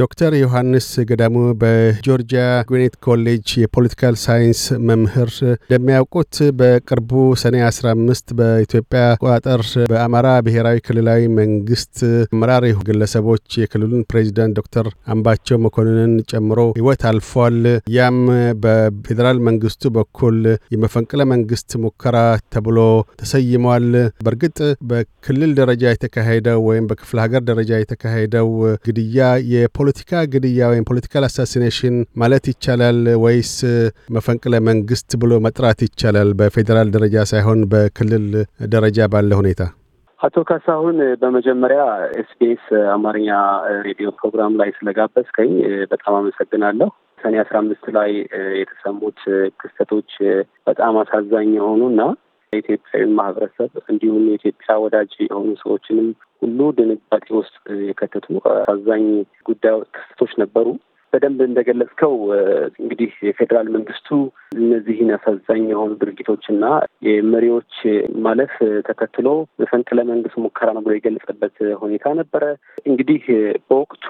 ዶክተር ዮሐንስ ገዳሙ በጆርጂያ ግዊኔት ኮሌጅ የፖለቲካል ሳይንስ መምህር፣ እንደሚያውቁት በቅርቡ ሰኔ 15 በኢትዮጵያ አቆጣጠር በአማራ ብሔራዊ ክልላዊ መንግስት አመራር ግለሰቦች የክልሉን ፕሬዚዳንት ዶክተር አምባቸው መኮንንን ጨምሮ ህይወት አልፏል። ያም በፌዴራል መንግስቱ በኩል የመፈንቅለ መንግስት ሙከራ ተብሎ ተሰይሟል። በእርግጥ በክልል ደረጃ የተካሄደው ወይም በክፍለ ሀገር ደረጃ የተካሄደው ግድያ የፖለቲካ ግድያ ወይም ፖለቲካል አሳሲኔሽን ማለት ይቻላል ወይስ መፈንቅለ መንግስት ብሎ መጥራት ይቻላል? በፌዴራል ደረጃ ሳይሆን በክልል ደረጃ ባለ ሁኔታ። አቶ ካሳሁን በመጀመሪያ ኤስቢኤስ አማርኛ ሬዲዮ ፕሮግራም ላይ ስለጋበዝከኝ በጣም አመሰግናለሁ። ሰኔ አስራ አምስት ላይ የተሰሙት ክስተቶች በጣም አሳዛኝ የሆኑ እና የኢትዮጵያዊ ማህበረሰብ እንዲሁም የኢትዮጵያ ወዳጅ የሆኑ ሰዎችንም ሁሉ ድንጋጤ ውስጥ የከተቱ አዛኝ ጉዳዮች ክስተቶች ነበሩ። በደንብ እንደገለጽከው እንግዲህ የፌዴራል መንግስቱ እነዚህን አሳዛኝ የሆኑ ድርጊቶችና የመሪዎች ማለፍ ተከትሎ መፈንቅለ መንግስት ሙከራ ነው ብሎ የገለጸበት ሁኔታ ነበረ። እንግዲህ በወቅቱ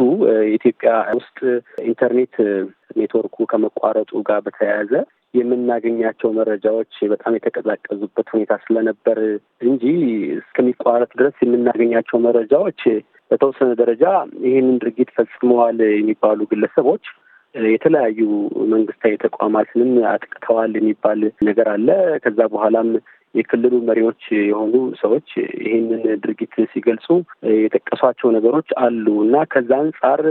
ኢትዮጵያ ውስጥ ኢንተርኔት ኔትወርኩ ከመቋረጡ ጋር በተያያዘ የምናገኛቸው መረጃዎች በጣም የተቀዛቀዙበት ሁኔታ ስለነበር እንጂ እስከሚቋረጥ ድረስ የምናገኛቸው መረጃዎች በተወሰነ ደረጃ ይህንን ድርጊት ፈጽመዋል የሚባሉ ግለሰቦች የተለያዩ መንግስታዊ ተቋማትንም አጥቅተዋል የሚባል ነገር አለ። ከዛ በኋላም የክልሉ መሪዎች የሆኑ ሰዎች ይህንን ድርጊት ሲገልጹ የጠቀሷቸው ነገሮች አሉ እና ከዛ አንጻር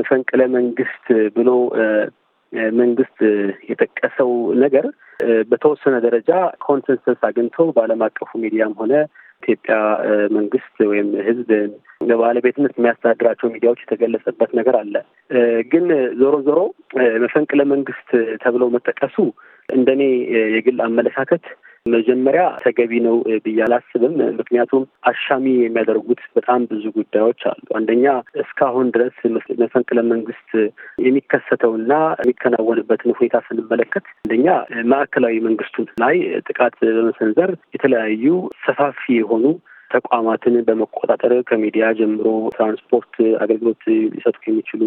መፈንቅለ መንግስት ብሎ መንግስት የጠቀሰው ነገር በተወሰነ ደረጃ ኮንሰንሰስ አግኝቶ በዓለም አቀፉ ሚዲያም ሆነ የኢትዮጵያ መንግስት ወይም ህዝብ ለባለቤትነት የሚያስተዳድራቸው ሚዲያዎች የተገለጸበት ነገር አለ። ግን ዞሮ ዞሮ መፈንቅለ መንግስት ተብለው መጠቀሱ እንደኔ የግል አመለካከት መጀመሪያ ተገቢ ነው ብዬ አላስብም። ምክንያቱም አሻሚ የሚያደርጉት በጣም ብዙ ጉዳዮች አሉ። አንደኛ እስካሁን ድረስ መፈንቅለ መንግስት የሚከሰተውና የሚከናወንበትን ሁኔታ ስንመለከት አንደኛ ማዕከላዊ መንግስቱን ላይ ጥቃት በመሰንዘር የተለያዩ ሰፋፊ የሆኑ ተቋማትን በመቆጣጠር ከሚዲያ ጀምሮ ትራንስፖርት አገልግሎት ሊሰጡ የሚችሉ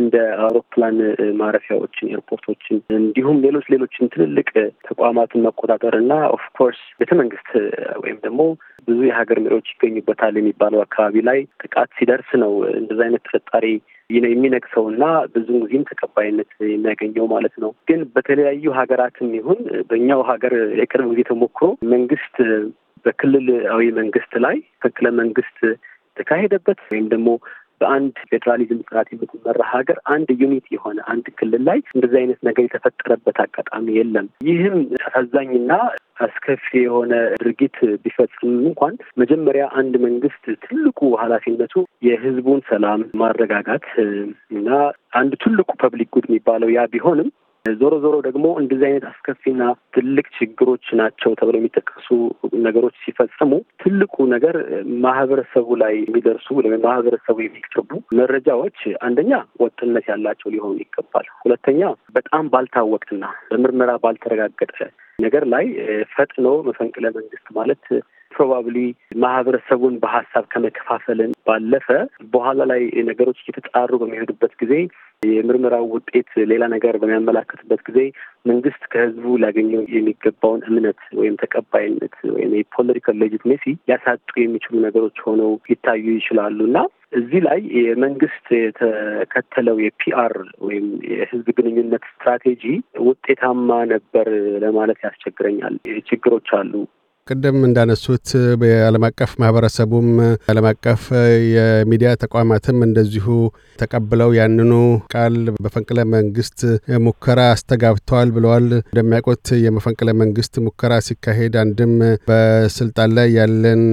እንደ አውሮፕላን ማረፊያዎችን፣ ኤርፖርቶችን እንዲሁም ሌሎች ሌሎችን ትልልቅ ተቋማትን መቆጣጠር እና ኦፍኮርስ ቤተ መንግስት ወይም ደግሞ ብዙ የሀገር መሪዎች ይገኙበታል የሚባለው አካባቢ ላይ ጥቃት ሲደርስ ነው እንደዚ አይነት ተፈጣሪ ነው የሚነግሰው እና ብዙ ጊዜም ተቀባይነት የሚያገኘው ማለት ነው። ግን በተለያዩ ሀገራትም ይሁን በእኛው ሀገር የቅርብ ጊዜ ተሞክሮ መንግስት በክልላዊ መንግስት ላይ ትክክለ መንግስት የተካሄደበት ወይም ደግሞ በአንድ ፌዴራሊዝም ስርዓት የምትመራ ሀገር አንድ ዩኒት የሆነ አንድ ክልል ላይ እንደዚህ አይነት ነገር የተፈጠረበት አጋጣሚ የለም። ይህም አሳዛኝና አስከፊ የሆነ ድርጊት ቢፈጽምም እንኳን መጀመሪያ አንድ መንግስት ትልቁ ኃላፊነቱ የህዝቡን ሰላም ማረጋጋት እና አንድ ትልቁ ፐብሊክ ጉድ የሚባለው ያ ቢሆንም ዞሮ ዞሮ ደግሞ እንደዚህ አይነት አስከፊና ትልቅ ችግሮች ናቸው ተብለው የሚጠቀሱ ነገሮች ሲፈጸሙ ትልቁ ነገር ማህበረሰቡ ላይ የሚደርሱ ማህበረሰቡ የሚቀርቡ መረጃዎች አንደኛ ወጥነት ያላቸው ሊሆኑ ይገባል። ሁለተኛ በጣም ባልታወቅና በምርመራ ባልተረጋገጠ ነገር ላይ ፈጥኖ መፈንቅለ መንግስት ማለት ፕሮባብሊ ማህበረሰቡን በሀሳብ ከመከፋፈልን ባለፈ በኋላ ላይ ነገሮች እየተጣሩ በሚሄዱበት ጊዜ የምርመራው ውጤት ሌላ ነገር በሚያመላክትበት ጊዜ መንግስት ከህዝቡ ሊያገኘው የሚገባውን እምነት ወይም ተቀባይነት ወይም የፖለቲካል ሌጂትሜሲ ሊያሳጡ የሚችሉ ነገሮች ሆነው ሊታዩ ይችላሉ እና እዚህ ላይ የመንግስት የተከተለው የፒአር ወይም የህዝብ ግንኙነት ስትራቴጂ ውጤታማ ነበር ለማለት ያስቸግረኛል። ችግሮች አሉ። ቅድም እንዳነሱት የዓለም አቀፍ ማህበረሰቡም ዓለም አቀፍ የሚዲያ ተቋማትም እንደዚሁ ተቀብለው ያንኑ ቃል በፈንቅለ መንግስት ሙከራ አስተጋብተዋል ብለዋል። እንደሚያውቁት የመፈንቅለ መንግስት ሙከራ ሲካሄድ አንድም በስልጣን ላይ ያለን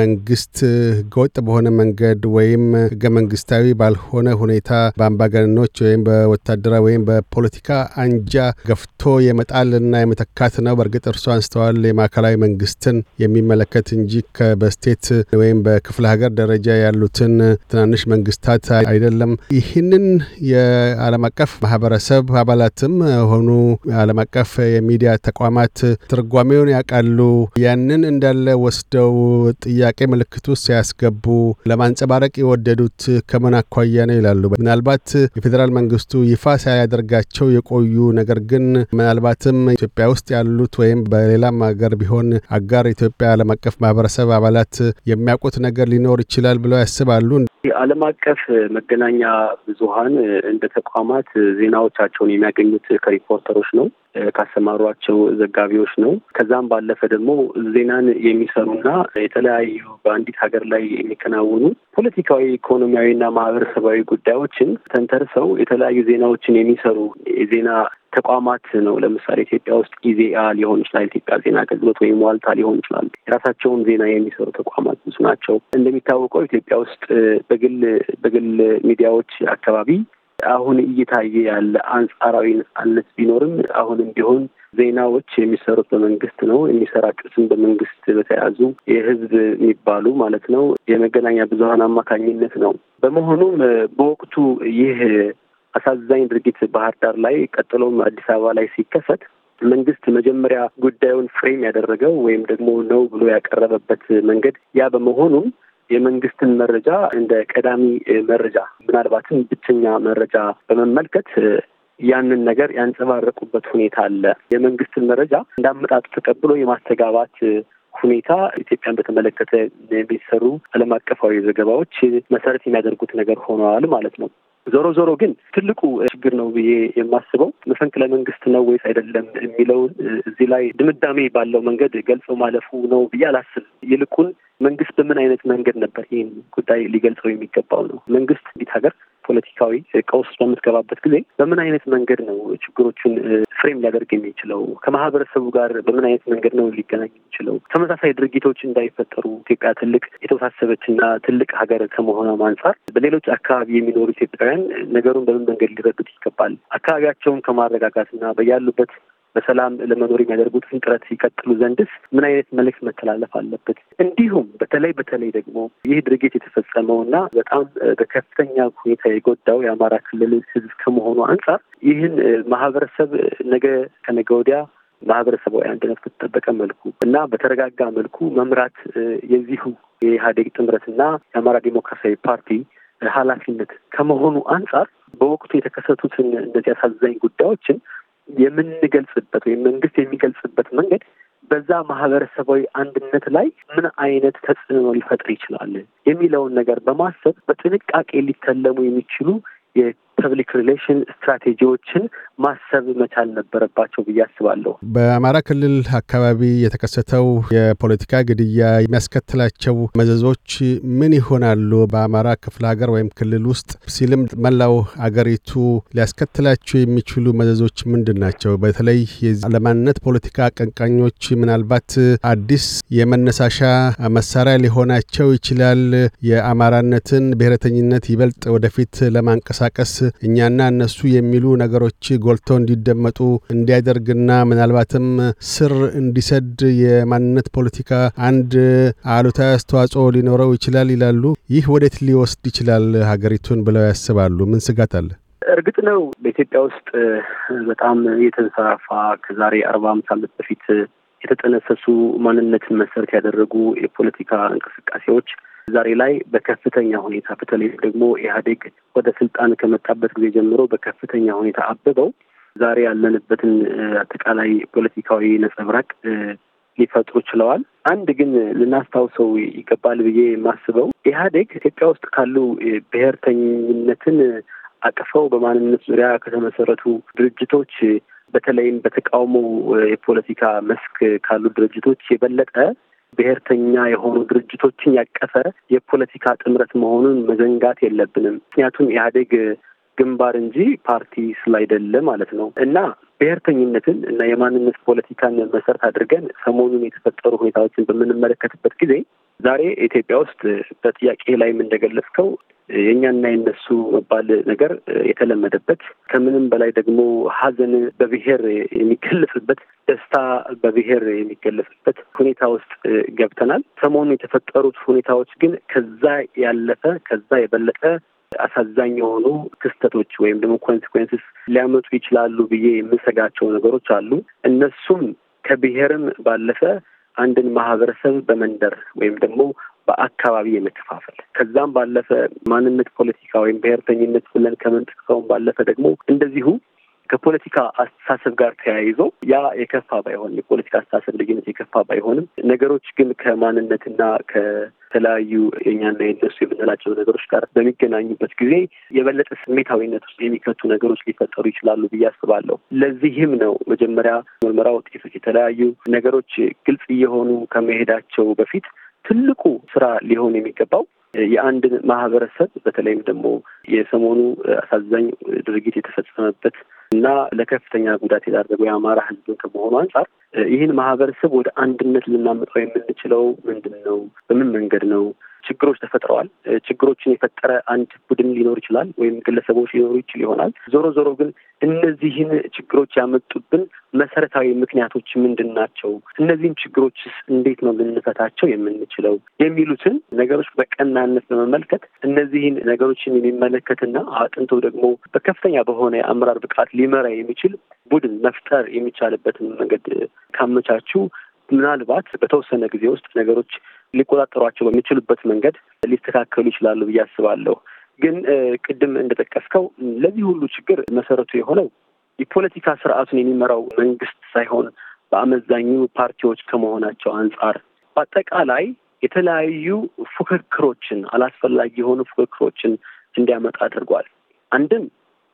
መንግስት ህገወጥ በሆነ መንገድ ወይም ህገ መንግስታዊ ባልሆነ ሁኔታ በአምባገነኖች ወይም በወታደራዊ ወይም በፖለቲካ አንጃ ገፍቶ የመጣልና የመተካት ነው። በእርግጥ እርሷ አንስተዋል የማዕከላዊ መንግስት መንግስትን የሚመለከት እንጂ በስቴት ወይም በክፍለ ሀገር ደረጃ ያሉትን ትናንሽ መንግስታት አይደለም። ይህንን የዓለም አቀፍ ማህበረሰብ አባላትም ሆኑ ዓለም አቀፍ የሚዲያ ተቋማት ትርጓሜውን ያውቃሉ። ያንን እንዳለ ወስደው ጥያቄ ምልክቱ ሲያስገቡ ለማንጸባረቅ የወደዱት ከምን አኳያ ነው ይላሉ። ምናልባት የፌዴራል መንግስቱ ይፋ ሳያደርጋቸው የቆዩ ነገር ግን ምናልባትም ኢትዮጵያ ውስጥ ያሉት ወይም በሌላም ሀገር ቢሆን አጋር ኢትዮጵያ ዓለም አቀፍ ማህበረሰብ አባላት የሚያውቁት ነገር ሊኖር ይችላል ብለው ያስባሉ? የዓለም አቀፍ መገናኛ ብዙሀን እንደ ተቋማት ዜናዎቻቸውን የሚያገኙት ከሪፖርተሮች ነው፣ ካሰማሯቸው ዘጋቢዎች ነው። ከዛም ባለፈ ደግሞ ዜናን የሚሰሩና የተለያዩ በአንዲት ሀገር ላይ የሚከናወኑ ፖለቲካዊ፣ ኢኮኖሚያዊና ማህበረሰባዊ ጉዳዮችን ተንተርሰው የተለያዩ ዜናዎችን የሚሰሩ የዜና ተቋማት ነው። ለምሳሌ ኢትዮጵያ ውስጥ ኢዜአ ሊሆን ይችላል፣ ኢትዮጵያ ዜና አገልግሎት ወይም ዋልታ ሊሆን ይችላል። የራሳቸውን ዜና የሚሰሩ ተቋማት ብዙ ናቸው። እንደሚታወቀው ኢትዮጵያ ውስጥ በግል በግል ሚዲያዎች አካባቢ አሁን እየታየ ያለ አንጻራዊ ነጻነት ቢኖርም አሁንም ቢሆን ዜናዎች የሚሰሩት በመንግስት ነው። የሚሰራጩትም በመንግስት በተያዙ የህዝብ የሚባሉ ማለት ነው የመገናኛ ብዙሀን አማካኝነት ነው። በመሆኑም በወቅቱ ይህ አሳዛኝ ድርጊት ባህር ዳር ላይ ቀጥሎም አዲስ አበባ ላይ ሲከሰት መንግስት መጀመሪያ ጉዳዩን ፍሬም ያደረገው ወይም ደግሞ ነው ብሎ ያቀረበበት መንገድ ያ በመሆኑም የመንግስትን መረጃ እንደ ቀዳሚ መረጃ ምናልባትም ብቸኛ መረጃ በመመልከት ያንን ነገር ያንጸባረቁበት ሁኔታ አለ። የመንግስትን መረጃ እንዳመጣጡ ተቀብሎ የማስተጋባት ሁኔታ ኢትዮጵያን በተመለከተ የሚሰሩ ዓለም አቀፋዊ ዘገባዎች መሰረት የሚያደርጉት ነገር ሆነዋል ማለት ነው። ዞሮ ዞሮ ግን ትልቁ ችግር ነው ብዬ የማስበው መፈንቅለ መንግስት ነው ወይስ አይደለም የሚለውን እዚህ ላይ ድምዳሜ ባለው መንገድ ገልጾ ማለፉ ነው ብዬ አላስብ። ይልቁን መንግስት በምን አይነት መንገድ ነበር ይህን ጉዳይ ሊገልጸው የሚገባው ነው። መንግስት እንዲት ሀገር ፖለቲካዊ ቀውስ በምትገባበት ጊዜ በምን አይነት መንገድ ነው ችግሮቹን ፍሬም ሊያደርግ የሚችለው? ከማህበረሰቡ ጋር በምን አይነት መንገድ ነው ሊገናኝ የሚችለው? ተመሳሳይ ድርጊቶች እንዳይፈጠሩ ኢትዮጵያ ትልቅ የተወሳሰበችና ትልቅ ሀገር ከመሆኗም አንጻር በሌሎች አካባቢ የሚኖሩ ኢትዮጵያውያን ነገሩን በምን መንገድ ሊረዱት ይገባል? አካባቢያቸውን ከማረጋጋትና በያሉበት በሰላም ለመኖር የሚያደርጉትን ጥረት ይቀጥሉ ዘንድስ ምን አይነት መልእክት መተላለፍ አለበት? እንዲሁም በተለይ በተለይ ደግሞ ይህ ድርጊት የተፈጸመው እና በጣም በከፍተኛ ሁኔታ የጎዳው የአማራ ክልል ሕዝብ ከመሆኑ አንጻር ይህን ማህበረሰብ ነገ ከነገ ወዲያ ማህበረሰባዊ አንድነት በተጠበቀ መልኩ እና በተረጋጋ መልኩ መምራት የዚሁ የኢህአዴግ ጥምረትና የአማራ ዲሞክራሲያዊ ፓርቲ ኃላፊነት ከመሆኑ አንጻር በወቅቱ የተከሰቱትን እንደዚህ አሳዛኝ ጉዳዮችን የምንገልጽበት ወይም መንግስት የሚገልጽበት መንገድ በዛ ማህበረሰባዊ አንድነት ላይ ምን አይነት ተጽዕኖ ሊፈጥር ይችላል የሚለውን ነገር በማሰብ በጥንቃቄ ሊተለሙ የሚችሉ ፐብሊክ ሪሌሽን ስትራቴጂዎችን ማሰብ መቻል ነበረባቸው ብዬ አስባለሁ። በአማራ ክልል አካባቢ የተከሰተው የፖለቲካ ግድያ የሚያስከትላቸው መዘዞች ምን ይሆናሉ? በአማራ ክፍለ ሀገር ወይም ክልል ውስጥ ሲልም መላው አገሪቱ ሊያስከትላቸው የሚችሉ መዘዞች ምንድን ናቸው? በተለይ ለማንነት ፖለቲካ አቀንቃኞች ምናልባት አዲስ የመነሳሻ መሳሪያ ሊሆናቸው ይችላል። የአማራነትን ብሔረተኝነት ይበልጥ ወደፊት ለማንቀሳቀስ እኛና እነሱ የሚሉ ነገሮች ጎልተው እንዲደመጡ እንዲያደርግና ምናልባትም ስር እንዲሰድ የማንነት ፖለቲካ አንድ አሉታዊ አስተዋጽኦ ሊኖረው ይችላል ይላሉ። ይህ ወዴት ሊወስድ ይችላል ሀገሪቱን ብለው ያስባሉ? ምን ስጋት አለ? እርግጥ ነው በኢትዮጵያ ውስጥ በጣም የተንሰራፋ ከዛሬ አርባ አምስት ዓመት በፊት የተጠነሰሱ ማንነትን መሰረት ያደረጉ የፖለቲካ እንቅስቃሴዎች ዛሬ ላይ በከፍተኛ ሁኔታ በተለይ ደግሞ ኢህአዴግ ወደ ስልጣን ከመጣበት ጊዜ ጀምሮ በከፍተኛ ሁኔታ አብበው ዛሬ ያለንበትን አጠቃላይ ፖለቲካዊ ነጸብራቅ ሊፈጥሩ ችለዋል። አንድ ግን ልናስታውሰው ይገባል ብዬ የማስበው ኢህአዴግ ኢትዮጵያ ውስጥ ካሉ ብሔርተኝነትን አቅፈው በማንነት ዙሪያ ከተመሰረቱ ድርጅቶች በተለይም በተቃውሞ የፖለቲካ መስክ ካሉ ድርጅቶች የበለጠ ብሔርተኛ የሆኑ ድርጅቶችን ያቀፈ የፖለቲካ ጥምረት መሆኑን መዘንጋት የለብንም። ምክንያቱም ኢህአዴግ ግንባር እንጂ ፓርቲ ስላይደለ ማለት ነው እና ብሔርተኝነትን እና የማንነት ፖለቲካን መሰረት አድርገን ሰሞኑን የተፈጠሩ ሁኔታዎችን በምንመለከትበት ጊዜ ዛሬ ኢትዮጵያ ውስጥ በጥያቄ ላይም እንደገለጽከው የእኛና የነሱ መባል ነገር የተለመደበት ከምንም በላይ ደግሞ ሀዘን በብሔር የሚገለጽበት ደስታ በብሔር የሚገለጽበት ሁኔታ ውስጥ ገብተናል። ሰሞኑ የተፈጠሩት ሁኔታዎች ግን ከዛ ያለፈ ከዛ የበለጠ አሳዛኝ የሆኑ ክስተቶች ወይም ደግሞ ኮንሲኩዌንስስ ሊያመጡ ይችላሉ ብዬ የምሰጋቸው ነገሮች አሉ። እነሱም ከብሔርም ባለፈ አንድን ማህበረሰብ በመንደር ወይም ደግሞ በአካባቢ የመከፋፈል ከዛም ባለፈ ማንነት ፖለቲካ ወይም ብሔርተኝነት ብለን ከመንጥቀሰውም ባለፈ ደግሞ እንደዚሁ ከፖለቲካ አስተሳሰብ ጋር ተያይዞ ያ የከፋ ባይሆንም የፖለቲካ አስተሳሰብ ልዩነት የከፋ ባይሆንም ነገሮች ግን ከማንነትና ከተለያዩ የኛና የነሱ የምንላቸው ነገሮች ጋር በሚገናኙበት ጊዜ የበለጠ ስሜታዊነት ውስጥ የሚከቱ ነገሮች ሊፈጠሩ ይችላሉ ብዬ አስባለሁ። ለዚህም ነው መጀመሪያ ምርመራ ውጤቶች የተለያዩ ነገሮች ግልጽ እየሆኑ ከመሄዳቸው በፊት ትልቁ ስራ ሊሆን የሚገባው የአንድን ማህበረሰብ በተለይም ደግሞ የሰሞኑ አሳዛኝ ድርጊት የተፈጸመበት እና ለከፍተኛ ጉዳት የዳረገው የአማራ ህዝብ ከመሆኑ አንጻር ይህን ማህበረሰብ ወደ አንድነት ልናመጣው የምንችለው ምንድን ነው? በምን መንገድ ነው? ችግሮች ተፈጥረዋል። ችግሮችን የፈጠረ አንድ ቡድን ሊኖር ይችላል፣ ወይም ግለሰቦች ሊኖሩ ይችል ይሆናል። ዞሮ ዞሮ ግን እነዚህን ችግሮች ያመጡብን መሰረታዊ ምክንያቶች ምንድን ናቸው? እነዚህን ችግሮችስ እንዴት ነው ልንፈታቸው የምንችለው? የሚሉትን ነገሮች በቀናነት በመመልከት እነዚህን ነገሮችን የሚመለከትና አጥንቶ ደግሞ በከፍተኛ በሆነ የአመራር ብቃት ሊመራ የሚችል ቡድን መፍጠር የሚቻልበትን መንገድ ካመቻችሁ? ምናልባት በተወሰነ ጊዜ ውስጥ ነገሮች ሊቆጣጠሯቸው በሚችሉበት መንገድ ሊስተካከሉ ይችላሉ ብዬ አስባለሁ። ግን ቅድም እንደጠቀስከው ለዚህ ሁሉ ችግር መሰረቱ የሆነው የፖለቲካ ስርዓቱን የሚመራው መንግስት ሳይሆን በአመዛኙ ፓርቲዎች ከመሆናቸው አንጻር በአጠቃላይ የተለያዩ ፉክክሮችን አላስፈላጊ የሆኑ ፉክክሮችን እንዲያመጣ አድርጓል። አንድም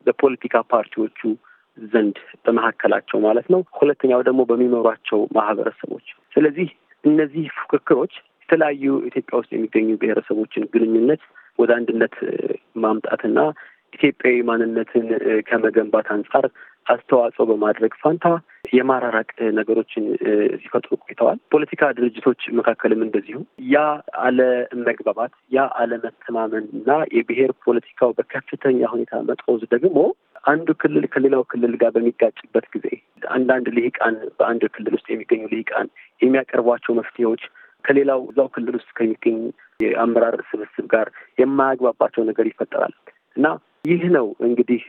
በፖለቲካ ፓርቲዎቹ ዘንድ በመካከላቸው ማለት ነው። ሁለተኛው ደግሞ በሚመሯቸው ማህበረሰቦች። ስለዚህ እነዚህ ፉክክሮች የተለያዩ ኢትዮጵያ ውስጥ የሚገኙ ብሔረሰቦችን ግንኙነት ወደ አንድነት ማምጣትና ኢትዮጵያዊ ማንነትን ከመገንባት አንጻር አስተዋጽኦ በማድረግ ፋንታ የማራራቅ ነገሮችን ሲፈጥሩ ቆይተዋል። ፖለቲካ ድርጅቶች መካከልም እንደዚሁ ያ አለመግባባት፣ ያ መተማመን እና የብሔር ፖለቲካው በከፍተኛ ሁኔታ መጦዝ ደግሞ አንዱ ክልል ከሌላው ክልል ጋር በሚጋጭበት ጊዜ አንዳንድ ልሂቃን በአንድ ክልል ውስጥ የሚገኙ ልሂቃን የሚያቀርቧቸው መፍትሄዎች ከሌላው እዛው ክልል ውስጥ ከሚገኝ የአመራር ስብስብ ጋር የማያግባባቸው ነገር ይፈጠራል እና ይህ ነው እንግዲህ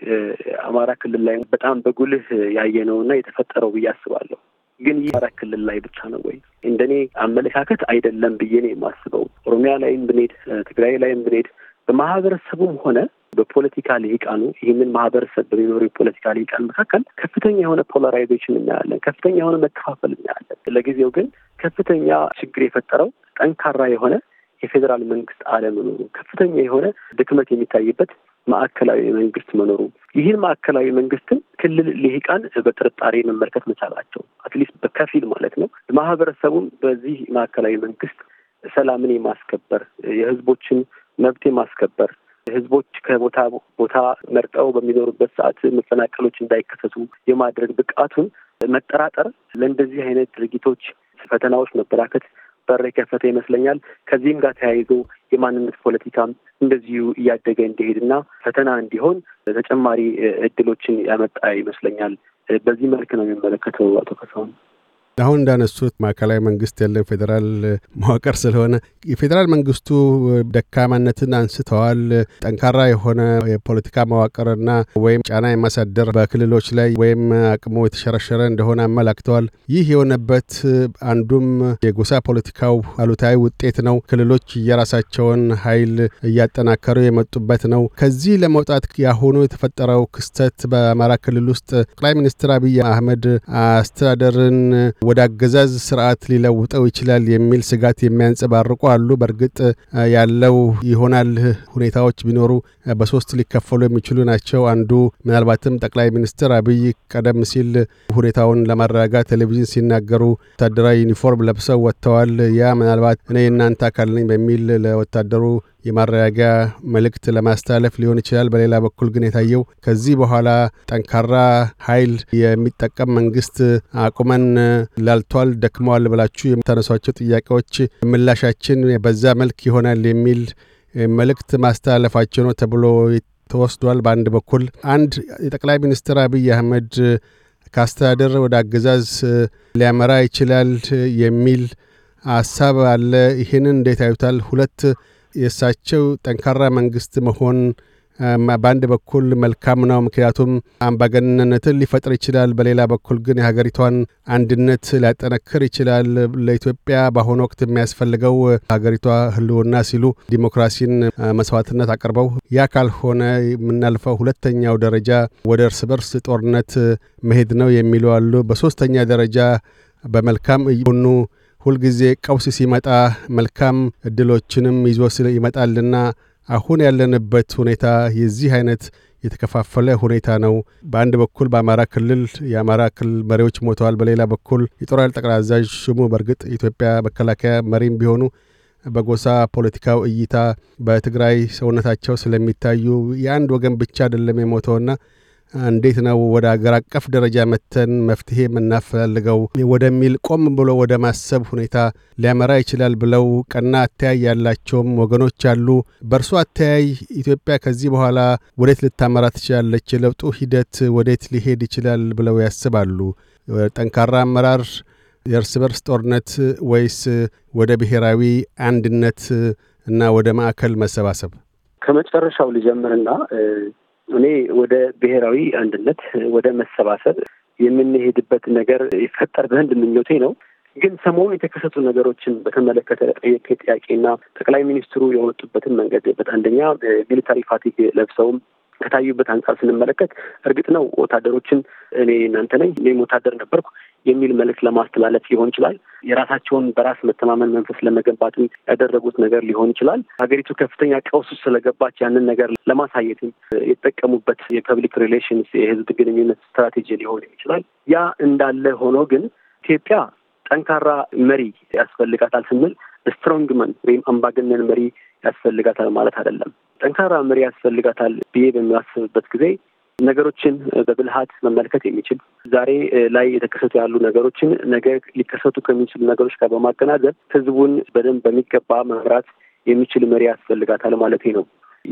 አማራ ክልል ላይ በጣም በጉልህ ያየነው እና የተፈጠረው ብዬ አስባለሁ። ግን ይህ አማራ ክልል ላይ ብቻ ነው ወይ? እንደኔ አመለካከት አይደለም ብዬ ነው የማስበው። ኦሮሚያ ላይም ብንሄድ፣ ትግራይ ላይም ብንሄድ በማህበረሰቡም ሆነ በፖለቲካ ልሂቃኑ ይህንን ማህበረሰብ በሚኖሩ የፖለቲካ ልሂቃን መካከል ከፍተኛ የሆነ ፖላራይዜሽን እናያለን። ከፍተኛ የሆነ መከፋፈል እናያለን። ለጊዜው ግን ከፍተኛ ችግር የፈጠረው ጠንካራ የሆነ የፌዴራል መንግስት አለመኖሩ፣ ከፍተኛ የሆነ ድክመት የሚታይበት ማዕከላዊ መንግስት መኖሩ ይህን ማዕከላዊ መንግስትን ክልል ሊሂቃን በጥርጣሬ መመልከት መቻላቸው አትሊስት በከፊል ማለት ነው። ማህበረሰቡም በዚህ ማዕከላዊ መንግስት ሰላምን የማስከበር የህዝቦችን መብት የማስከበር ህዝቦች ከቦታ ቦታ መርጠው በሚኖሩበት ሰዓት መፈናቀሎች እንዳይከሰቱ የማድረግ ብቃቱን መጠራጠር ለእንደዚህ አይነት ድርጊቶች፣ ፈተናዎች መበራከት በር የከፈተ ይመስለኛል። ከዚህም ጋር ተያይዞ የማንነት ፖለቲካም እንደዚሁ እያደገ እንዲሄድና ፈተና እንዲሆን ተጨማሪ እድሎችን ያመጣ ይመስለኛል። በዚህ መልክ ነው የሚመለከተው አቶ ከሰውን። አሁን እንዳነሱት ማዕከላዊ መንግስት የለም ፌዴራል መዋቅር ስለሆነ የፌዴራል መንግስቱ ደካማነትን አንስተዋል። ጠንካራ የሆነ የፖለቲካ መዋቅርና ወይም ጫና የማሳደር በክልሎች ላይ ወይም አቅሙ የተሸረሸረ እንደሆነ አመላክተዋል። ይህ የሆነበት አንዱም የጎሳ ፖለቲካው አሉታዊ ውጤት ነው። ክልሎች የራሳቸውን ኃይል እያጠናከሩ የመጡበት ነው። ከዚህ ለመውጣት ያሁኑ የተፈጠረው ክስተት በአማራ ክልል ውስጥ ጠቅላይ ሚኒስትር አብይ አህመድ አስተዳደርን ወደ አገዛዝ ስርዓት ሊለውጠው ይችላል የሚል ስጋት የሚያንጸባርቁ አሉ። በእርግጥ ያለው ይሆናል ሁኔታዎች ቢኖሩ በሶስት ሊከፈሉ የሚችሉ ናቸው። አንዱ ምናልባትም ጠቅላይ ሚኒስትር አብይ ቀደም ሲል ሁኔታውን ለማረጋጋት ቴሌቪዥን ሲናገሩ ወታደራዊ ዩኒፎርም ለብሰው ወጥተዋል። ያ ምናልባት እኔ እናንተ አካል ነኝ በሚል ለወታደሩ የማረጋጊያ መልእክት ለማስተላለፍ ሊሆን ይችላል። በሌላ በኩል ግን የታየው ከዚህ በኋላ ጠንካራ ኃይል የሚጠቀም መንግስት አቁመን ላልቷል፣ ደክመዋል ብላችሁ የምታነሷቸው ጥያቄዎች ምላሻችን በዛ መልክ ይሆናል የሚል መልእክት ማስተላለፋቸው ነው ተብሎ ተወስዷል። በአንድ በኩል አንድ የጠቅላይ ሚኒስትር አብይ አህመድ ከአስተዳደር ወደ አገዛዝ ሊያመራ ይችላል የሚል ሀሳብ አለ። ይህንን እንዴት አዩታል? ሁለት የእሳቸው ጠንካራ መንግስት መሆን በአንድ በኩል መልካም ነው፣ ምክንያቱም አምባገነንነትን ሊፈጥር ይችላል። በሌላ በኩል ግን የሀገሪቷን አንድነት ሊያጠነክር ይችላል። ለኢትዮጵያ በአሁኑ ወቅት የሚያስፈልገው ሀገሪቷ ሕልውና ሲሉ ዲሞክራሲን መስዋዕትነት አቅርበው፣ ያ ካልሆነ የምናልፈው ሁለተኛው ደረጃ ወደ እርስ በርስ ጦርነት መሄድ ነው የሚሉ አሉ። በሶስተኛ ደረጃ በመልካም እየሆኑ ሁልጊዜ ቀውስ ሲመጣ መልካም እድሎችንም ይዞ ይመጣልና አሁን ያለንበት ሁኔታ የዚህ አይነት የተከፋፈለ ሁኔታ ነው። በአንድ በኩል በአማራ ክልል የአማራ ክልል መሪዎች ሞተዋል። በሌላ በኩል የጦር ኃይል ጠቅላይ አዛዥ ሹሙ በእርግጥ የኢትዮጵያ መከላከያ መሪም ቢሆኑ በጎሳ ፖለቲካው እይታ በትግራይ ሰውነታቸው ስለሚታዩ የአንድ ወገን ብቻ አይደለም የሞተውና እንዴት ነው ወደ አገር አቀፍ ደረጃ መተን መፍትሄ የምናፈላልገው ወደሚል ቆም ብሎ ወደ ማሰብ ሁኔታ ሊያመራ ይችላል ብለው ቀና አተያይ ያላቸውም ወገኖች አሉ። በእርሶ አተያይ ኢትዮጵያ ከዚህ በኋላ ወዴት ልታመራ ትችላለች? የለውጡ ሂደት ወዴት ሊሄድ ይችላል ብለው ያስባሉ? ጠንካራ አመራር፣ የእርስ በርስ ጦርነት ወይስ ወደ ብሔራዊ አንድነት እና ወደ ማዕከል መሰባሰብ? ከመጨረሻው ልጀምርና እኔ ወደ ብሔራዊ አንድነት ወደ መሰባሰብ የምንሄድበት ነገር ይፈጠር ዘንድ ምኞቴ ነው። ግን ሰሞኑ የተከሰቱ ነገሮችን በተመለከተ ጠየቅ ጥያቄና ጠቅላይ ሚኒስትሩ የወጡበትን መንገድ አንደኛ ሚሊታሪ ፋቲግ ለብሰውም ከታዩበት አንጻር ስንመለከት እርግጥ ነው ወታደሮችን እኔ እናንተ ነኝ እኔም ወታደር ነበርኩ የሚል መልእክት ለማስተላለፍ ሊሆን ይችላል። የራሳቸውን በራስ መተማመን መንፈስ ለመገንባትም ያደረጉት ነገር ሊሆን ይችላል። ሀገሪቱ ከፍተኛ ቀውስ ስለገባች ያንን ነገር ለማሳየትም የተጠቀሙበት የፐብሊክ ሪሌሽንስ የህዝብ ግንኙነት ስትራቴጂ ሊሆን ይችላል። ያ እንዳለ ሆኖ ግን ኢትዮጵያ ጠንካራ መሪ ያስፈልጋታል ስንል ስትሮንግመን ወይም አምባገነን መሪ ያስፈልጋታል ማለት አይደለም። ጠንካራ መሪ ያስፈልጋታል ብዬ በሚያስብበት ጊዜ ነገሮችን በብልሃት መመልከት የሚችል ዛሬ ላይ የተከሰቱ ያሉ ነገሮችን ነገ ሊከሰቱ ከሚችሉ ነገሮች ጋር በማገናዘብ ህዝቡን በደንብ በሚገባ መምራት የሚችል መሪ ያስፈልጋታል ማለት ነው።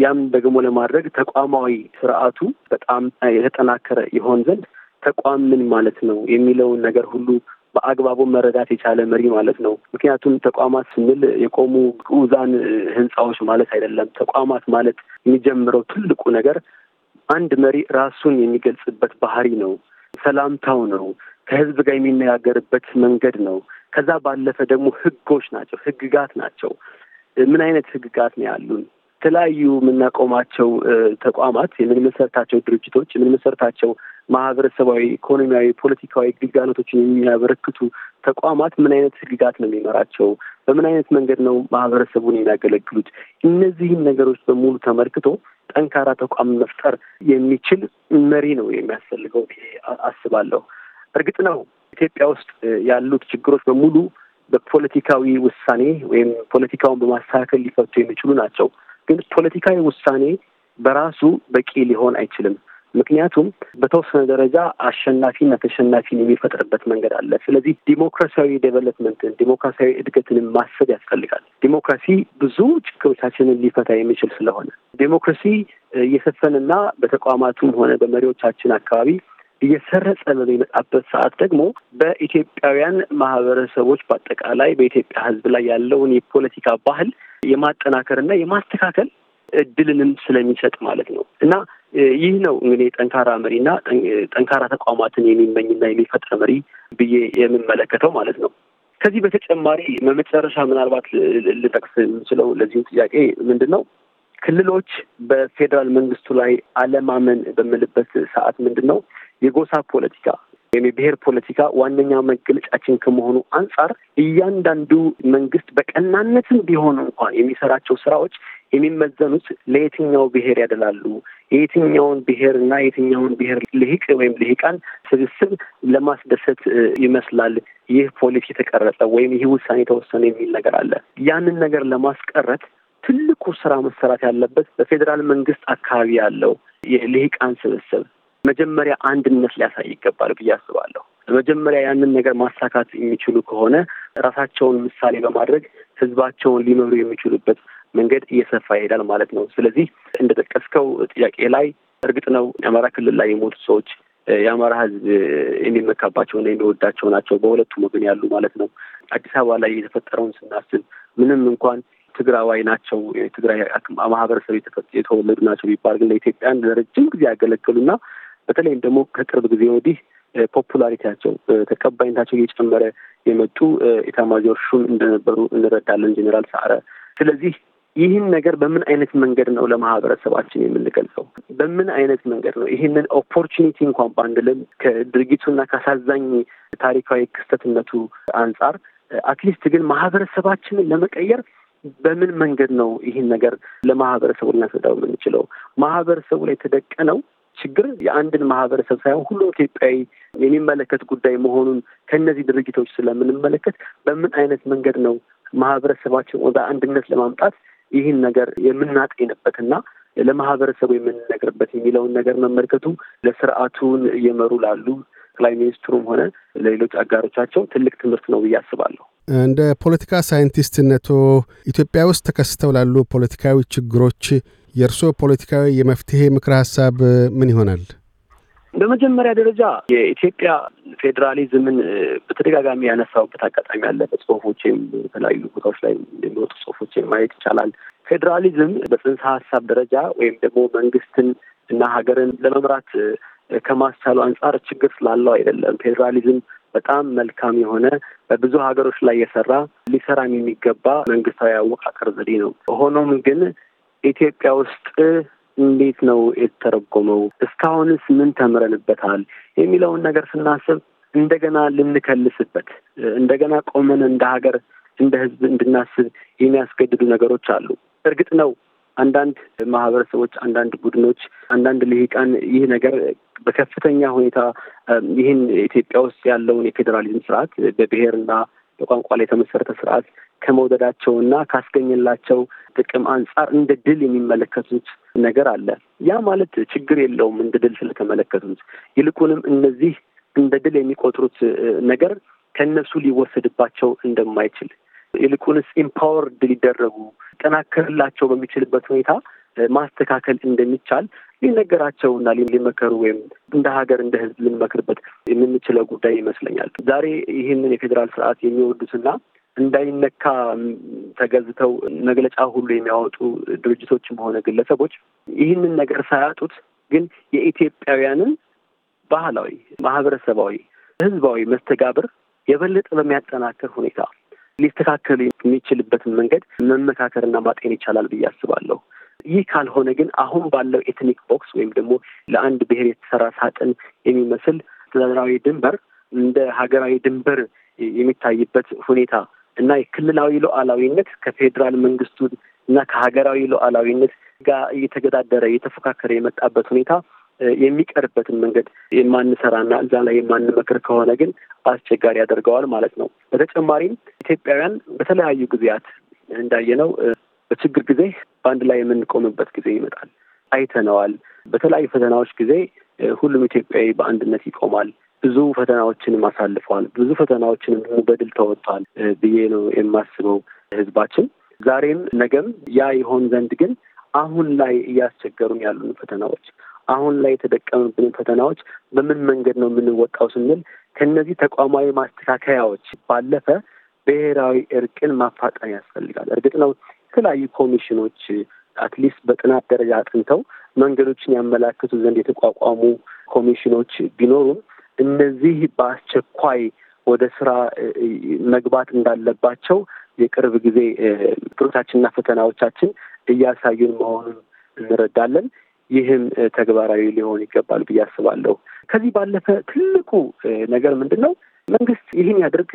ያም ደግሞ ለማድረግ ተቋማዊ ስርዓቱ በጣም የተጠናከረ ይሆን ዘንድ ተቋም ምን ማለት ነው የሚለውን ነገር ሁሉ በአግባቡ መረዳት የቻለ መሪ ማለት ነው። ምክንያቱም ተቋማት ስንል የቆሙ ግዑዛን ህንፃዎች ማለት አይደለም። ተቋማት ማለት የሚጀምረው ትልቁ ነገር አንድ መሪ ራሱን የሚገልጽበት ባህሪ ነው፣ ሰላምታው ነው፣ ከህዝብ ጋር የሚነጋገርበት መንገድ ነው። ከዛ ባለፈ ደግሞ ህጎች ናቸው፣ ህግጋት ናቸው። ምን አይነት ህግጋት ነው ያሉን? የተለያዩ የምናቆማቸው ተቋማት፣ የምንመሰርታቸው ድርጅቶች፣ የምንመሰርታቸው ማህበረሰባዊ፣ ኢኮኖሚያዊ፣ ፖለቲካዊ ግልጋሎቶችን የሚያበረክቱ ተቋማት ምን አይነት ህግጋት ነው የሚመራቸው? በምን አይነት መንገድ ነው ማህበረሰቡን የሚያገለግሉት? እነዚህን ነገሮች በሙሉ ተመልክቶ ጠንካራ ተቋም መፍጠር የሚችል መሪ ነው የሚያስፈልገው አስባለሁ። እርግጥ ነው ኢትዮጵያ ውስጥ ያሉት ችግሮች በሙሉ በፖለቲካዊ ውሳኔ ወይም ፖለቲካውን በማስተካከል ሊፈቱ የሚችሉ ናቸው። ግን ፖለቲካዊ ውሳኔ በራሱ በቂ ሊሆን አይችልም። ምክንያቱም በተወሰነ ደረጃ አሸናፊና ተሸናፊን የሚፈጥርበት መንገድ አለ። ስለዚህ ዲሞክራሲያዊ ዴቨሎፕመንትን ዲሞክራሲያዊ እድገትንም ማሰብ ያስፈልጋል። ዲሞክራሲ ብዙ ችግሮቻችንን ሊፈታ የሚችል ስለሆነ ዲሞክራሲ እየሰፈንና በተቋማቱም ሆነ በመሪዎቻችን አካባቢ እየሰረጸ በሚመጣበት ሰዓት ደግሞ በኢትዮጵያውያን ማህበረሰቦች በአጠቃላይ በኢትዮጵያ ሕዝብ ላይ ያለውን የፖለቲካ ባህል የማጠናከርና የማስተካከል እድልንም ስለሚሰጥ ማለት ነው እና ይህ ነው እንግዲህ ጠንካራ መሪና ጠንካራ ተቋማትን የሚመኝና የሚፈጥር መሪ ብዬ የምመለከተው ማለት ነው። ከዚህ በተጨማሪ በመጨረሻ ምናልባት ልጠቅስ የምችለው ለዚሁ ጥያቄ ምንድን ነው ክልሎች በፌዴራል መንግስቱ ላይ አለማመን በምልበት ሰዓት ምንድን ነው የጎሳ ፖለቲካ ወይም የብሔር ፖለቲካ ዋነኛ መገለጫችን ከመሆኑ አንጻር እያንዳንዱ መንግስት በቀናነትም ቢሆን እንኳን የሚሰራቸው ስራዎች የሚመዘኑት ለየትኛው ብሔር ያደላሉ፣ የየትኛውን ብሔር የትኛውን ብሔር ልሂቅ ወይም ልሂቃን ስብስብ ለማስደሰት ይመስላል ይህ ፖሊሲ የተቀረጸ ወይም ይህ ውሳኔ የተወሰነ የሚል ነገር አለ። ያንን ነገር ለማስቀረት ትልቁ ስራ መሰራት ያለበት በፌዴራል መንግስት አካባቢ ያለው የልሂቃን ስብስብ መጀመሪያ አንድነት ሊያሳይ ይገባል ብዬ አስባለሁ። መጀመሪያ ያንን ነገር ማሳካት የሚችሉ ከሆነ ራሳቸውን ምሳሌ በማድረግ ህዝባቸውን ሊመሩ የሚችሉበት መንገድ እየሰፋ ይሄዳል ማለት ነው። ስለዚህ እንደጠቀስከው ጥያቄ ላይ እርግጥ ነው የአማራ ክልል ላይ የሞቱ ሰዎች የአማራ ሕዝብ የሚመካባቸውና የሚወዳቸው ናቸው፣ በሁለቱም ወገን ያሉ ማለት ነው። አዲስ አበባ ላይ የተፈጠረውን ስናስብ ምንም እንኳን ትግራዋይ ናቸው ትግራይ ማህበረሰብ የተወለዱ ናቸው ቢባል ግን ለኢትዮጵያን ለረጅም ጊዜ ያገለገሉና በተለይም ደግሞ ከቅርብ ጊዜ ወዲህ ፖፑላሪቲያቸው ተቀባይነታቸው እየጨመረ የመጡ ኢታማዦር ሹም እንደነበሩ እንረዳለን ጀኔራል ሰዓረ ስለዚህ ይህን ነገር በምን አይነት መንገድ ነው ለማህበረሰባችን የምንገልጸው? በምን አይነት መንገድ ነው ይህንን ኦፖርቹኒቲ እንኳን ባንልም ከድርጊቱና ከአሳዛኝ ታሪካዊ ክስተትነቱ አንጻር አትሊስት ግን ማህበረሰባችንን ለመቀየር በምን መንገድ ነው ይህን ነገር ለማህበረሰቡ ልናስረዳው የምንችለው? ማህበረሰቡ ላይ የተደቀነው ችግር የአንድን ማህበረሰብ ሳይሆን ሁሉም ኢትዮጵያዊ የሚመለከት ጉዳይ መሆኑን ከእነዚህ ድርጊቶች ስለምንመለከት በምን አይነት መንገድ ነው ማህበረሰባችን ወደ አንድነት ለማምጣት ይህን ነገር የምናጤንበትና ለማህበረሰቡ የምንነግርበት የሚለውን ነገር መመልከቱ ለስርዓቱን እየመሩ ላሉ ጠቅላይ ሚኒስትሩም ሆነ ለሌሎች አጋሮቻቸው ትልቅ ትምህርት ነው ብዬ አስባለሁ። እንደ ፖለቲካ ሳይንቲስትነቶ ኢትዮጵያ ውስጥ ተከስተው ላሉ ፖለቲካዊ ችግሮች የእርስዎ ፖለቲካዊ የመፍትሄ ምክረ ሀሳብ ምን ይሆናል? በመጀመሪያ ደረጃ የኢትዮጵያ ፌዴራሊዝምን በተደጋጋሚ ያነሳውበት አጋጣሚ አለ። ወይም በተለያዩ ቦታዎች ላይ እንደሚወጡ ጽሁፎች ማየት ይቻላል። ፌዴራሊዝም በጽንሰ ሀሳብ ደረጃ ወይም ደግሞ መንግስትን እና ሀገርን ለመምራት ከማስቻሉ አንጻር ችግር ስላለው አይደለም። ፌዴራሊዝም በጣም መልካም የሆነ በብዙ ሀገሮች ላይ የሰራ ሊሰራም የሚገባ መንግስታዊ አወቃቀር ዘዴ ነው። ሆኖም ግን ኢትዮጵያ ውስጥ እንዴት ነው የተተረጎመው? እስካሁንስ ምን ተምረንበታል? የሚለውን ነገር ስናስብ እንደገና ልንከልስበት እንደገና ቆመን እንደ ሀገር እንደ ሕዝብ እንድናስብ የሚያስገድዱ ነገሮች አሉ። እርግጥ ነው አንዳንድ ማህበረሰቦች፣ አንዳንድ ቡድኖች፣ አንዳንድ ልሂቃን ይህ ነገር በከፍተኛ ሁኔታ ይህን ኢትዮጵያ ውስጥ ያለውን የፌዴራሊዝም ስርዓት በብሔርና በቋንቋ ላይ የተመሰረተ ስርዓት ከመውደዳቸውና ካስገኝላቸው ጥቅም አንጻር እንደ ድል የሚመለከቱት ነገር አለ። ያ ማለት ችግር የለውም እንደ ድል ስለተመለከቱት። ይልቁንም እነዚህ እንደ ድል የሚቆጥሩት ነገር ከእነሱ ሊወሰድባቸው እንደማይችል ይልቁንስ ኢምፓወርድ ሊደረጉ ጠናከርላቸው በሚችልበት ሁኔታ ማስተካከል እንደሚቻል ሊነገራቸውና ሊመከሩ ወይም እንደ ሀገር እንደ ሕዝብ ልንመክርበት የምንችለው ጉዳይ ይመስለኛል። ዛሬ ይህንን የፌዴራል ስርዓት የሚወዱትና እንዳይነካ ተገዝተው መግለጫ ሁሉ የሚያወጡ ድርጅቶችም ሆነ ግለሰቦች ይህንን ነገር ሳያጡት ግን የኢትዮጵያውያንን ባህላዊ፣ ማህበረሰባዊ፣ ህዝባዊ መስተጋብር የበለጠ በሚያጠናክር ሁኔታ ሊስተካከሉ የሚችልበትን መንገድ መመካከርና ማጤን ይቻላል ብዬ አስባለሁ። ይህ ካልሆነ ግን አሁን ባለው ኤትኒክ ቦክስ ወይም ደግሞ ለአንድ ብሔር የተሰራ ሳጥን የሚመስል አስተዳደራዊ ድንበር እንደ ሀገራዊ ድንበር የሚታይበት ሁኔታ እና የክልላዊ ሉዓላዊነት ከፌዴራል መንግስቱ እና ከሀገራዊ ሉዓላዊነት ጋር እየተገዳደረ እየተፎካከረ የመጣበት ሁኔታ የሚቀርበትን መንገድ የማንሰራና እዛ ላይ የማንመክር ከሆነ ግን አስቸጋሪ ያደርገዋል ማለት ነው። በተጨማሪም ኢትዮጵያውያን በተለያዩ ጊዜያት እንዳየነው በችግር ጊዜ በአንድ ላይ የምንቆምበት ጊዜ ይመጣል። አይተነዋል። በተለያዩ ፈተናዎች ጊዜ ሁሉም ኢትዮጵያዊ በአንድነት ይቆማል። ብዙ ፈተናዎችንም አሳልፈዋል። ብዙ ፈተናዎችንም ደግሞ በድል ተወጥቷል ብዬ ነው የማስበው። ህዝባችን ዛሬም ነገም ያ ይሆን ዘንድ ግን አሁን ላይ እያስቸገሩን ያሉን ፈተናዎች አሁን ላይ የተደቀምብንን ፈተናዎች በምን መንገድ ነው የምንወጣው ስንል ከእነዚህ ተቋማዊ ማስተካከያዎች ባለፈ ብሔራዊ እርቅን ማፋጠን ያስፈልጋል። እርግጥ ነው የተለያዩ ኮሚሽኖች አትሊስት በጥናት ደረጃ አጥንተው መንገዶችን ያመላክቱ ዘንድ የተቋቋሙ ኮሚሽኖች ቢኖሩም እነዚህ በአስቸኳይ ወደ ስራ መግባት እንዳለባቸው የቅርብ ጊዜ ጥረታችንና ፈተናዎቻችን እያሳዩን መሆኑን እንረዳለን። ይህም ተግባራዊ ሊሆን ይገባል ብዬ አስባለሁ። ከዚህ ባለፈ ትልቁ ነገር ምንድን ነው? መንግስት ይህን ያድርግ፣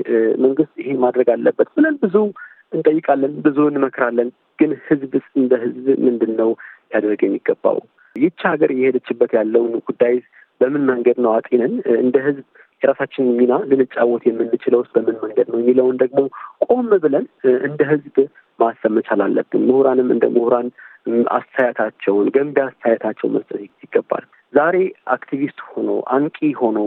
መንግስት ይህን ማድረግ አለበት ብለን ብዙ እንጠይቃለን፣ ብዙ እንመክራለን። ግን ህዝብስ እንደ ህዝብ ምንድን ነው ያደርግ የሚገባው? ይቺ ሀገር እየሄደችበት ያለውን ጉዳይ በምን መንገድ ነው አጤንን እንደ ህዝብ የራሳችንን ሚና ልንጫወት የምንችለው ውስጥ በምን መንገድ ነው የሚለውን ደግሞ ቆም ብለን እንደ ህዝብ ማሰብ መቻል አለብን። ምሁራንም እንደ ምሁራን አስተያየታቸውን ገንቢ አስተያየታቸውን መስጠት ይገባል። ዛሬ አክቲቪስት ሆኖ አንቂ ሆኖ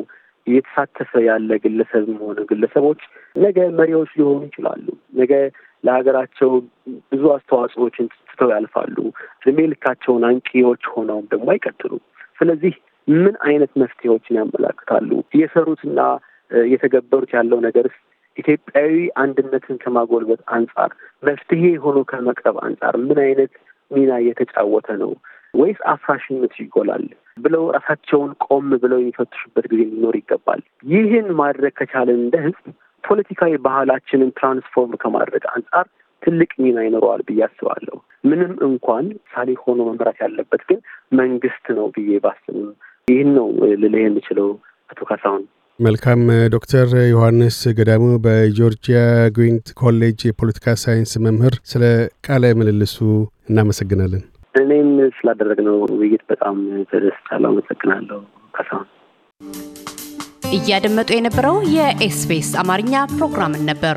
እየተሳተፈ ያለ ግለሰብም ሆነ ግለሰቦች ነገ መሪዎች ሊሆኑ ይችላሉ። ነገ ለሀገራቸው ብዙ አስተዋጽኦዎችን ትተው ያልፋሉ። እድሜ ልካቸውን አንቂዎች ሆነውም ደግሞ አይቀጥሉም። ስለዚህ ምን አይነት መፍትሄዎችን ያመላክታሉ? የሰሩትና የተገበሩት ያለው ነገርስ ኢትዮጵያዊ አንድነትን ከማጎልበት አንጻር መፍትሄ ሆኖ ከመቅረብ አንጻር ምን አይነት ሚና እየተጫወተ ነው ወይስ አፍራሽነት ይጎላል ብለው ራሳቸውን ቆም ብለው የሚፈትሹበት ጊዜ ሊኖር ይገባል። ይህን ማድረግ ከቻለን እንደ ህዝብ ፖለቲካዊ ባህላችንን ትራንስፎርም ከማድረግ አንጻር ትልቅ ሚና ይኖረዋል ብዬ አስባለሁ። ምንም እንኳን ሳሌ ሆኖ መምራት ያለበት ግን መንግስት ነው ብዬ ባስብም ይህን ነው ልልህ የምችለው አቶ ካሳሁን። መልካም ዶክተር ዮሐንስ ገዳሙ በጆርጂያ ግዊንት ኮሌጅ የፖለቲካ ሳይንስ መምህር፣ ስለ ቃለ ምልልሱ እናመሰግናለን። እኔም ስላደረግነው ውይይት በጣም ተደስቻለሁ። አመሰግናለሁ ካሳሁን። እያደመጡ የነበረው የኤስቢኤስ አማርኛ ፕሮግራምን ነበር።